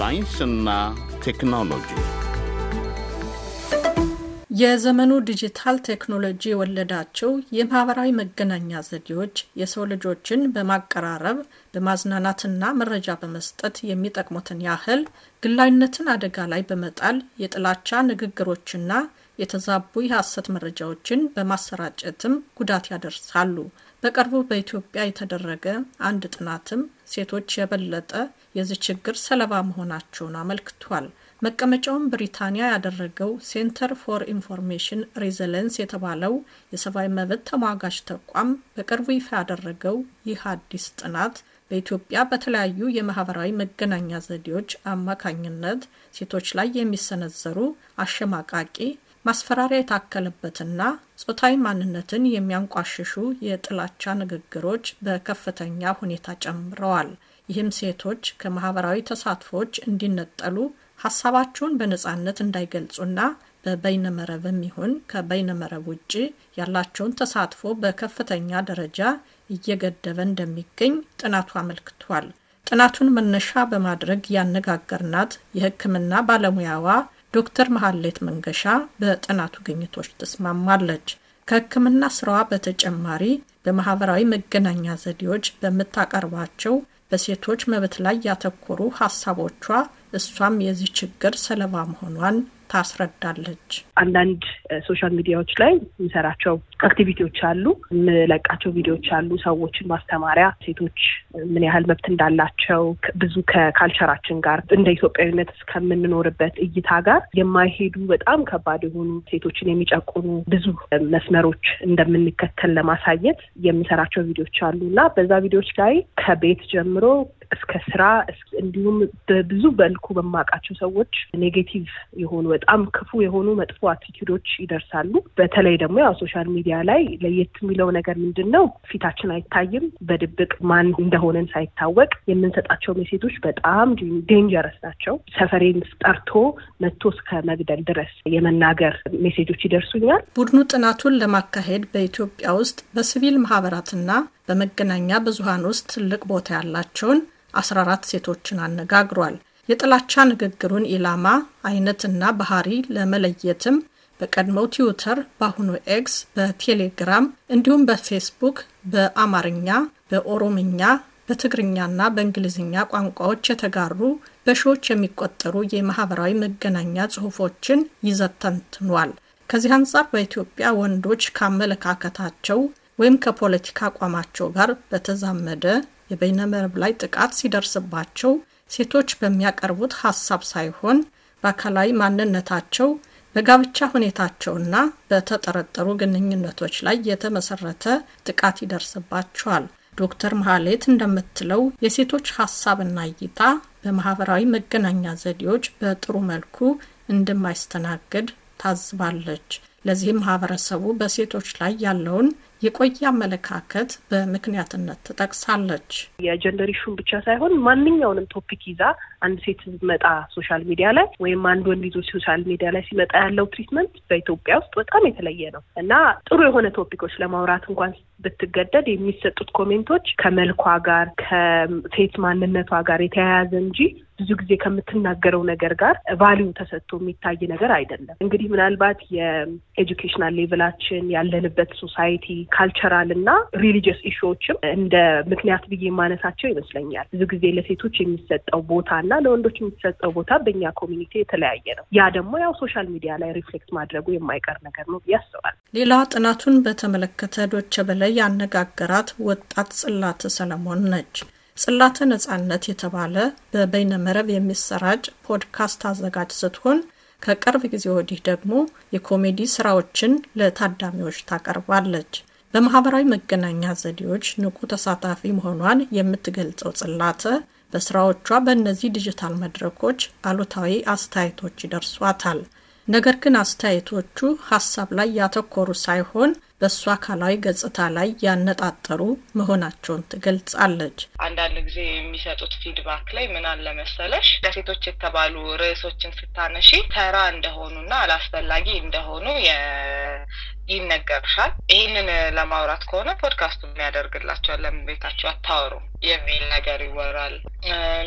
ሳይንስና ቴክኖሎጂ የዘመኑ ዲጂታል ቴክኖሎጂ የወለዳቸው የማህበራዊ መገናኛ ዘዴዎች የሰው ልጆችን በማቀራረብ በማዝናናትና መረጃ በመስጠት የሚጠቅሙትን ያህል ግላዊነትን አደጋ ላይ በመጣል የጥላቻ ንግግሮችና የተዛቡ የሐሰት መረጃዎችን በማሰራጨትም ጉዳት ያደርሳሉ። በቅርቡ በኢትዮጵያ የተደረገ አንድ ጥናትም ሴቶች የበለጠ የዚህ ችግር ሰለባ መሆናቸውን አመልክቷል። መቀመጫውን ብሪታንያ ያደረገው ሴንተር ፎር ኢንፎርሜሽን ሬዚለንስ የተባለው የሰብአዊ መብት ተሟጋች ተቋም በቅርቡ ይፋ ያደረገው ይህ አዲስ ጥናት በኢትዮጵያ በተለያዩ የማህበራዊ መገናኛ ዘዴዎች አማካኝነት ሴቶች ላይ የሚሰነዘሩ አሸማቃቂ፣ ማስፈራሪያ የታከለበትና ጾታዊ ማንነትን የሚያንቋሽሹ የጥላቻ ንግግሮች በከፍተኛ ሁኔታ ጨምረዋል። ይህም ሴቶች ከማህበራዊ ተሳትፎዎች እንዲነጠሉ ሀሳባቸውን በነጻነት እንዳይገልጹና በበይነመረብም ይሁን ከበይነመረብ ውጭ ያላቸውን ተሳትፎ በከፍተኛ ደረጃ እየገደበ እንደሚገኝ ጥናቱ አመልክቷል። ጥናቱን መነሻ በማድረግ ያነጋገርናት የሕክምና ባለሙያዋ ዶክተር መሀሌት መንገሻ በጥናቱ ግኝቶች ትስማማለች። ከሕክምና ስራዋ በተጨማሪ በማህበራዊ መገናኛ ዘዴዎች በምታቀርባቸው በሴቶች መብት ላይ ያተኮሩ ሀሳቦቿ እሷም የዚህ ችግር ሰለባ መሆኗን ታስረዳለች። አንዳንድ ሶሻል ሚዲያዎች ላይ የምንሰራቸው አክቲቪቲዎች አሉ፣ የምለቃቸው ቪዲዮዎች አሉ። ሰዎችን ማስተማሪያ ሴቶች ምን ያህል መብት እንዳላቸው ብዙ ከካልቸራችን ጋር እንደ ኢትዮጵያዊነት እስከምንኖርበት እይታ ጋር የማይሄዱ በጣም ከባድ የሆኑ ሴቶችን የሚጨቁኑ ብዙ መስመሮች እንደምንከተል ለማሳየት የምሰራቸው ቪዲዮዎች አሉ እና በዛ ቪዲዮዎች ላይ ከቤት ጀምሮ እስከ ስራ እንዲሁም በብዙ በልኩ በማውቃቸው ሰዎች ኔጌቲቭ የሆኑ በጣም ክፉ የሆኑ መጥፎ አቲቲዩዶች ይደርሳሉ። በተለይ ደግሞ ያው ሶሻል ሚዲያ ላይ ለየት የሚለው ነገር ምንድን ነው? ፊታችን አይታይም። በድብቅ ማን እንደሆነን ሳይታወቅ የምንሰጣቸው ሜሴጆች በጣም ዴንጀረስ ናቸው። ሰፈሬን ጠርቶ መጥቶ እስከ መግደል ድረስ የመናገር ሜሴጆች ይደርሱኛል። ቡድኑ ጥናቱን ለማካሄድ በኢትዮጵያ ውስጥ በሲቪል ማህበራትና በመገናኛ ብዙሀን ውስጥ ትልቅ ቦታ ያላቸውን 14 ሴቶችን አነጋግሯል። የጥላቻ ንግግሩን ኢላማ አይነትና ባህሪ ለመለየትም በቀድሞው ትዊተር፣ በአሁኑ ኤክስ፣ በቴሌግራም እንዲሁም በፌስቡክ በአማርኛ፣ በኦሮምኛ፣ በትግርኛና በእንግሊዝኛ ቋንቋዎች የተጋሩ በሺዎች የሚቆጠሩ የማህበራዊ መገናኛ ጽሁፎችን ይዘት ተንትኗል። ከዚህ አንጻር በኢትዮጵያ ወንዶች ከአመለካከታቸው ወይም ከፖለቲካ አቋማቸው ጋር በተዛመደ የበይነመረብ ላይ ጥቃት ሲደርስባቸው ሴቶች በሚያቀርቡት ሀሳብ ሳይሆን በአካላዊ ማንነታቸው በጋብቻ ሁኔታቸውና በተጠረጠሩ ግንኙነቶች ላይ የተመሰረተ ጥቃት ይደርስባቸዋል። ዶክተር መሐሌት እንደምትለው የሴቶች ሀሳብና እይታ በማህበራዊ መገናኛ ዘዴዎች በጥሩ መልኩ እንደማይስተናገድ ታዝባለች። ለዚህም ማህበረሰቡ በሴቶች ላይ ያለውን የቆየ አመለካከት በምክንያትነት ትጠቅሳለች። የጀንደር ኢሹን ብቻ ሳይሆን ማንኛውንም ቶፒክ ይዛ አንድ ሴት መጣ ሶሻል ሚዲያ ላይ ወይም አንድ ወንድ ይዞ ሶሻል ሚዲያ ላይ ሲመጣ ያለው ትሪትመንት በኢትዮጵያ ውስጥ በጣም የተለየ ነው እና ጥሩ የሆነ ቶፒኮች ለማውራት እንኳን ብትገደድ የሚሰጡት ኮሜንቶች ከመልኳ ጋር ከሴት ማንነቷ ጋር የተያያዘ እንጂ ብዙ ጊዜ ከምትናገረው ነገር ጋር ቫሊዩ ተሰጥቶ የሚታይ ነገር አይደለም። እንግዲህ ምናልባት የኤጁኬሽናል ሌቭላችን ያለንበት ሶሳይቲ ካልቸራል እና ሪሊጅስ ኢሹዎችም እንደ ምክንያት ብዬ ማነሳቸው ይመስለኛል። ብዙ ጊዜ ለሴቶች የሚሰጠው ቦታ እና ለወንዶች የሚሰጠው ቦታ በእኛ ኮሚኒቲ የተለያየ ነው። ያ ደግሞ ያው ሶሻል ሚዲያ ላይ ሪፍሌክት ማድረጉ የማይቀር ነገር ነው ብዬ አስባለሁ። ሌላ ጥናቱን በተመለከተ ዶቸ በላይ ያነጋገራት ወጣት ጽላተ ሰለሞን ነች። ጽላተ ነጻነት የተባለ በበይነመረብ የሚሰራጭ ፖድካስት አዘጋጅ ስትሆን ከቅርብ ጊዜ ወዲህ ደግሞ የኮሜዲ ስራዎችን ለታዳሚዎች ታቀርባለች። በማህበራዊ መገናኛ ዘዴዎች ንቁ ተሳታፊ መሆኗን የምትገልጸው ጽላተ በስራዎቿ በእነዚህ ዲጂታል መድረኮች አሉታዊ አስተያየቶች ይደርሷታል። ነገር ግን አስተያየቶቹ ሀሳብ ላይ ያተኮሩ ሳይሆን በእሱ አካላዊ ገጽታ ላይ ያነጣጠሩ መሆናቸውን ትገልጻለች። አንዳንድ ጊዜ የሚሰጡት ፊድባክ ላይ ምናን ለመሰለሽ ለሴቶች የተባሉ ርዕሶችን ስታነሺ ተራ እንደሆኑና አላስፈላጊ እንደሆኑ ይነገርሻል። ይህንን ለማውራት ከሆነ ፖድካስቱ የሚያደርግላቸዋል ለምን ቤታቸው አታወሩ የሚል ነገር ይወራል።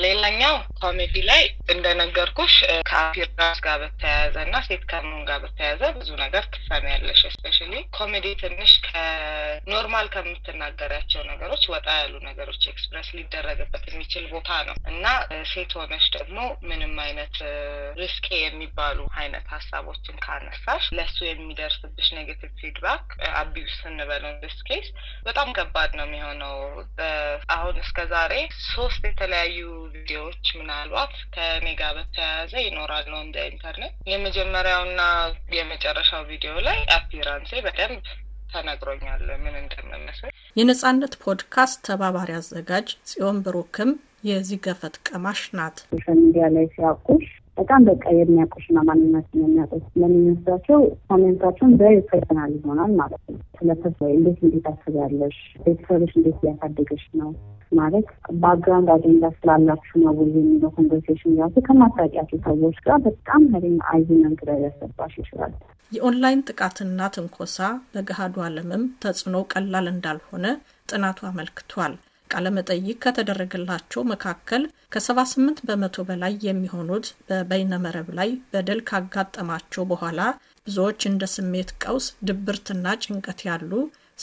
ሌላኛው ኮሜዲ ላይ እንደነገርኩሽ ከአፒራንስ ጋር በተያያዘ እና ሴት ከመሆን ጋር በተያያዘ ብዙ ነገር ትሰሚያለሽ። ስፔሻሊ ኮሜዲ ትንሽ ከኖርማል ከምትናገራቸው ነገሮች ወጣ ያሉ ነገሮች ኤክስፕረስ ሊደረግበት የሚችል ቦታ ነው እና ሴት ሆነች ደግሞ ምንም አይነት ሪስኬ የሚባሉ አይነት ሀሳቦችን ካነሳሽ ለሱ የሚደርስብሽ ኔጌቲቭ ፊድባክ አቢዩስ ስንበለን ኬስ በጣም ከባድ ነው የሚሆነው። አሁን እስከ ዛሬ ሶስት የተለያዩ ቪዲዮዎች ምናልባት ከኔ ጋር በተያያዘ ይኖራሉ እንደ ኢንተርኔት የመጀመሪያውና የመጨረሻው ቪዲዮ ላይ አፒራንሴ በደንብ ተነግሮኛል ምን እንደምመስል። የነጻነት ፖድካስት ተባባሪ አዘጋጅ ጽዮን ብሩክም የዚህ ገፈት ቀማሽ ናት። ሶሻል ሚዲያ ላይ ሲያውቁሽ በጣም በቃ የሚያውቁሽና ማንነት የሚያውቁ ስለሚመስላቸው ኮሜንታቸውን በ ፐርሰናል ይሆናል ማለት ነው። ስለተስ ወይ እንዴት እንዴት አስቢያለሽ፣ ቤተሰብሽ እንዴት እያሳደገሽ ነው ማለት ባክግራውንድ አጀንዳ ስላላችሁ ነው ወይ የሚለው ኮንቨርሴሽን ያሱ ከማታውቂያቸው ሰዎች ጋር በጣም ሀይለኛ አይዝመንት ላይ ያሰባሽ ይችላል። የኦንላይን ጥቃትና ትንኮሳ በገሃዱ ዓለምም ተጽዕኖ ቀላል እንዳልሆነ ጥናቱ አመልክቷል። ቃለመጠይቅ ከተደረገላቸው መካከል ከ78 በመቶ በላይ የሚሆኑት በበይነመረብ ላይ በደል ካጋጠማቸው በኋላ ብዙዎች እንደ ስሜት ቀውስ፣ ድብርትና ጭንቀት ያሉ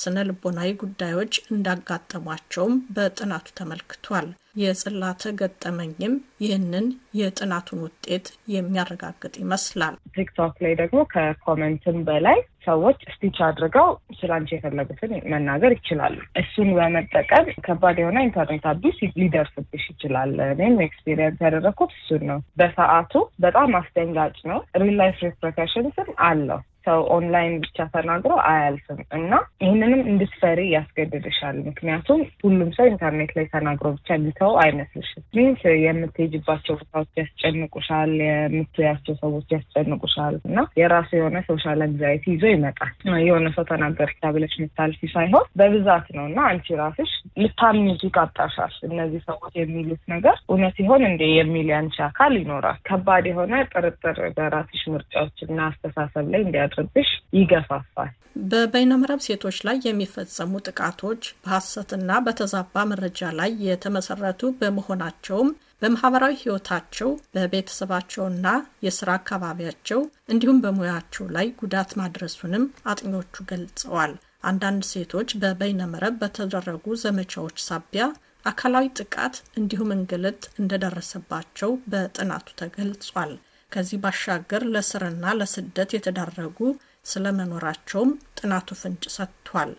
ስነ ልቦናዊ ጉዳዮች እንዳጋጠሟቸውም በጥናቱ ተመልክቷል። የጽላተ ገጠመኝም ይህንን የጥናቱን ውጤት የሚያረጋግጥ ይመስላል። ቲክቶክ ላይ ደግሞ ከኮመንትም በላይ ሰዎች ስፒች አድርገው ስላንቺ የፈለጉትን መናገር ይችላሉ። እሱን በመጠቀም ከባድ የሆነ ኢንተርኔት አቢስ ሊደርስብሽ ይችላል። እኔም ኤክስፔሪንስ ያደረግኩት እሱን ነው። በሰዓቱ በጣም አስደንጋጭ ነው። ሪል ላይፍ ሪፕሪካሽንስም አለው። ሰው ኦንላይን ብቻ ተናግሮ አያልፍም እና ይህንንም እንድትፈሪ ያስገድድሻል። ምክንያቱም ሁሉም ሰው ኢንተርኔት ላይ ተናግሮ ብቻ ሊተው አይመስልሽም። ሚንስ የምትሄጅባቸው ቦታዎች ያስጨንቁሻል፣ የምትያቸው ሰዎች ያስጨንቁሻል እና የራሱ የሆነ ሶሻል አንግዛይቲ ይዞ ይመጣል። የሆነ ሰው ተናገር ብለሽ የምታልፊ ሳይሆን በብዛት ነው እና አንቺ ራስሽ ልታምንጂ ቃጣሻል። እነዚህ ሰዎች የሚሉት ነገር እውነት ሲሆን እንዴ የሚል ያንቺ አካል ይኖራል። ከባድ የሆነ ጥርጥር በራስሽ ምርጫዎች እና አስተሳሰብ ላይ እንዲያ እንዲፈጥርብሽ ይገፋፋል። በበይነመረብ ሴቶች ላይ የሚፈጸሙ ጥቃቶች በሐሰትና በተዛባ መረጃ ላይ የተመሰረቱ በመሆናቸውም በማህበራዊ ህይወታቸው በቤተሰባቸውና የስራ አካባቢያቸው እንዲሁም በሙያቸው ላይ ጉዳት ማድረሱንም አጥኚዎቹ ገልጸዋል። አንዳንድ ሴቶች በበይነመረብ በተደረጉ ዘመቻዎች ሳቢያ አካላዊ ጥቃት እንዲሁም እንግልት እንደደረሰባቸው በጥናቱ ተገልጿል። ከዚህ ባሻገር ለስርና ለስደት የተዳረጉ ስለመኖራቸውም ጥናቱ ፍንጭ ሰጥቷል።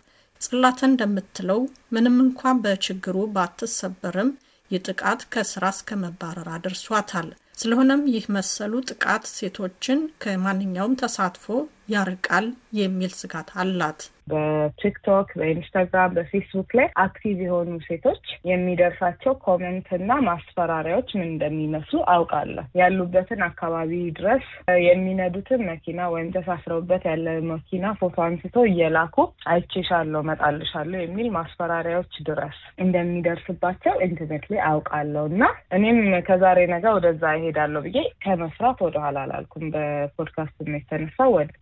ጽላተ እንደምትለው ምንም እንኳን በችግሩ ባትሰበርም ይህ ጥቃት ከስራ እስከ መባረር አድርሷታል። ስለሆነም ይህ መሰሉ ጥቃት ሴቶችን ከማንኛውም ተሳትፎ ያርቃል የሚል ስጋት አላት። በቲክቶክ፣ በኢንስታግራም፣ በፌስቡክ ላይ አክቲቭ የሆኑ ሴቶች የሚደርሳቸው ኮመንት እና ማስፈራሪያዎች ምን እንደሚመስሉ አውቃለሁ። ያሉበትን አካባቢ ድረስ የሚነዱትን መኪና ወይም ተሳስረውበት ያለ መኪና ፎቶ አንስቶ እየላኩ አይቼሻለሁ፣ መጣልሻለሁ የሚል ማስፈራሪያዎች ድረስ እንደሚደርስባቸው ኢንተርኔት ላይ አውቃለሁ እና እኔም ከዛሬ ነገር ወደዛ ይሄዳለሁ ብዬ ከመስራት ወደኋላ አላልኩም። በፖድካስት የተነሳ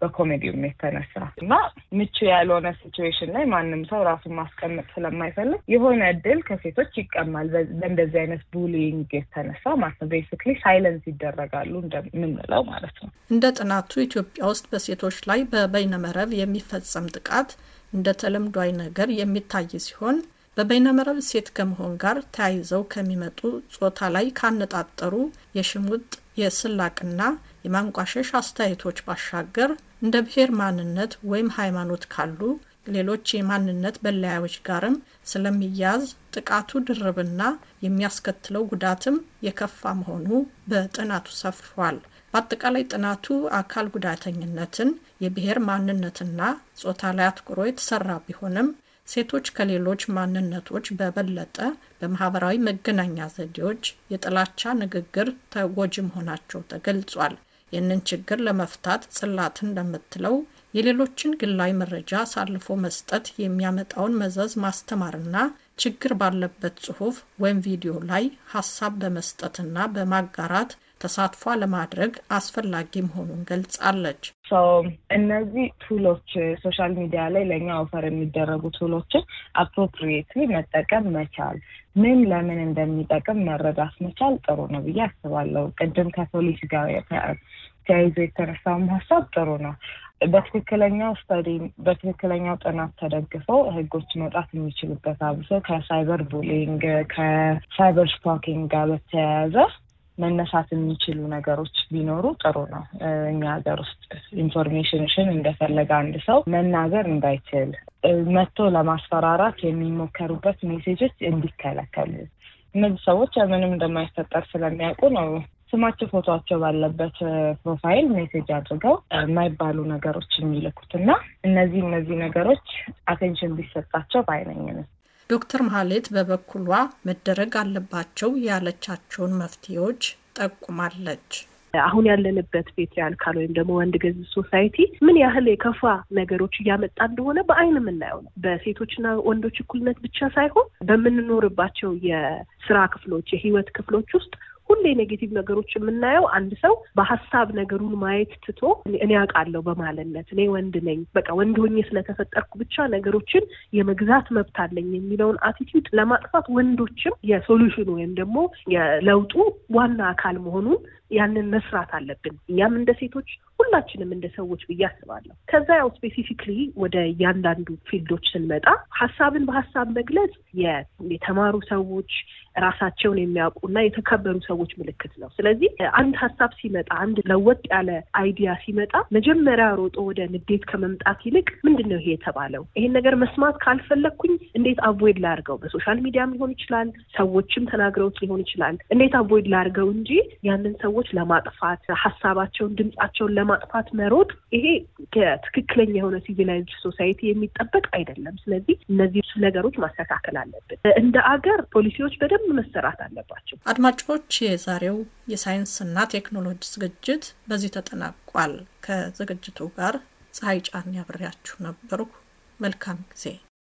በኮሜዲውም የተነሳ እና ምቹ ያልሆነ ሲትዌሽን ላይ ማንም ሰው ራሱን ማስቀመጥ ስለማይፈልግ የሆነ እድል ከሴቶች ይቀማል። በእንደዚህ አይነት ቡሊንግ የተነሳ ማለት ነው። ቤሲክሊ ሳይለንስ ይደረጋሉ እንደምንለው ማለት ነው። እንደ ጥናቱ ኢትዮጵያ ውስጥ በሴቶች ላይ በበይነመረብ የሚፈጸም ጥቃት እንደ ተለምዷዊ ነገር የሚታይ ሲሆን በበይነመረብ ሴት ከመሆን ጋር ተያይዘው ከሚመጡ ጾታ ላይ ካነጣጠሩ የሽሙጥ የስላቅና የማንቋሸሽ አስተያየቶች ባሻገር እንደ ብሔር ማንነት ወይም ሃይማኖት ካሉ ሌሎች የማንነት በለያዎች ጋርም ስለሚያዝ ጥቃቱ ድርብና የሚያስከትለው ጉዳትም የከፋ መሆኑ በጥናቱ ሰፍሯል። በአጠቃላይ ጥናቱ አካል ጉዳተኝነትን የብሔር ማንነትና ጾታ ላይ አትኩሮ የተሰራ ቢሆንም ሴቶች ከሌሎች ማንነቶች በበለጠ በማህበራዊ መገናኛ ዘዴዎች የጥላቻ ንግግር ተጎጂ መሆናቸው ተገልጿል። ይህንን ችግር ለመፍታት ጽላት እንደምትለው የሌሎችን ግላዊ መረጃ አሳልፎ መስጠት የሚያመጣውን መዘዝ ማስተማርና ችግር ባለበት ጽሑፍ ወይም ቪዲዮ ላይ ሀሳብ በመስጠትና በማጋራት ተሳትፏ ለማድረግ አስፈላጊ መሆኑን ገልጻለች። እነዚህ ቱሎች ሶሻል ሚዲያ ላይ ለእኛ ኦፈር የሚደረጉ ቱሎችን አፕሮፕሪየትሊ መጠቀም መቻል ምን ለምን እንደሚጠቅም መረዳት መቻል ጥሩ ነው ብዬ አስባለሁ። ቅድም ከፖሊስ ጋር ተያይዞ የተነሳው ሀሳብ ጥሩ ነው። በትክክለኛው ስተዲ በትክክለኛው ጥናት ተደግፈው ህጎች መውጣት የሚችሉበት አብሶ ከሳይበር ቡሊንግ ከሳይበር ስቶኪንግ ጋር በተያያዘ መነሳት የሚችሉ ነገሮች ቢኖሩ ጥሩ ነው። እኛ ሀገር ውስጥ ኢንፎርሜሽንሽን እንደፈለገ አንድ ሰው መናገር እንዳይችል መጥቶ ለማስፈራራት የሚሞከሩበት ሜሴጆች እንዲከለከሉ እነዚህ ሰዎች ምንም እንደማይፈጠር ስለሚያውቁ ነው ስማቸው ፎቶቸው ባለበት ፕሮፋይል ሜሴጅ አድርገው የማይባሉ ነገሮች የሚልኩት እና እነዚህ እነዚህ ነገሮች አቴንሽን ቢሰጣቸው ባይነኝንም ዶክተር መሀሌት በበኩሏ መደረግ አለባቸው ያለቻቸውን መፍትሄዎች ጠቁማለች። አሁን ያለንበት ፔትሪያርካል ወይም ደግሞ ወንድ ገዝ ሶሳይቲ ምን ያህል የከፋ ነገሮች እያመጣ እንደሆነ በአይን የምናየው ነው። በሴቶችና ወንዶች እኩልነት ብቻ ሳይሆን በምንኖርባቸው የስራ ክፍሎች፣ የህይወት ክፍሎች ውስጥ ሁሌ ኔጌቲቭ ነገሮች የምናየው አንድ ሰው በሀሳብ ነገሩን ማየት ትቶ እኔ አውቃለሁ በማለነት እኔ ወንድ ነኝ በቃ ወንድ ሆኜ ስለተፈጠርኩ ብቻ ነገሮችን የመግዛት መብት አለኝ የሚለውን አቲቲዩድ ለማጥፋት ወንዶችም የሶሉሽኑ ወይም ደግሞ የለውጡ ዋና አካል መሆኑን ያንን መስራት አለብን። እኛም እንደ ሴቶች፣ ሁላችንም እንደ ሰዎች ብዬ አስባለሁ። ከዛ ያው ስፔሲፊክሊ ወደ እያንዳንዱ ፊልዶች ስንመጣ ሀሳብን በሀሳብ መግለጽ የተማሩ ሰዎች ራሳቸውን የሚያውቁና የተከበሩ ሰዎች ምልክት ነው። ስለዚህ አንድ ሀሳብ ሲመጣ፣ አንድ ለወጥ ያለ አይዲያ ሲመጣ መጀመሪያ ሮጦ ወደ ንዴት ከመምጣት ይልቅ ምንድን ነው ይሄ የተባለው ይሄን ነገር መስማት ካልፈለግኩኝ እንዴት አቮይድ ላርገው? በሶሻል ሚዲያም ሊሆን ይችላል፣ ሰዎችም ተናግረውት ሊሆን ይችላል። እንዴት አቮይድ ላርገው እንጂ ያንን ሰዎች ሰዎች ለማጥፋት ሀሳባቸውን፣ ድምጻቸውን ለማጥፋት መሮጥ ይሄ ከትክክለኛ የሆነ ሲቪላይዝድ ሶሳይቲ የሚጠበቅ አይደለም። ስለዚህ እነዚህ ነገሮች ማስተካከል አለብን። እንደ አገር ፖሊሲዎች በደንብ መሰራት አለባቸው። አድማጮች፣ የዛሬው የሳይንስና ቴክኖሎጂ ዝግጅት በዚህ ተጠናቋል። ከዝግጅቱ ጋር ፀሐይ ጫን ያብሬያችሁ ነበርኩ። መልካም ጊዜ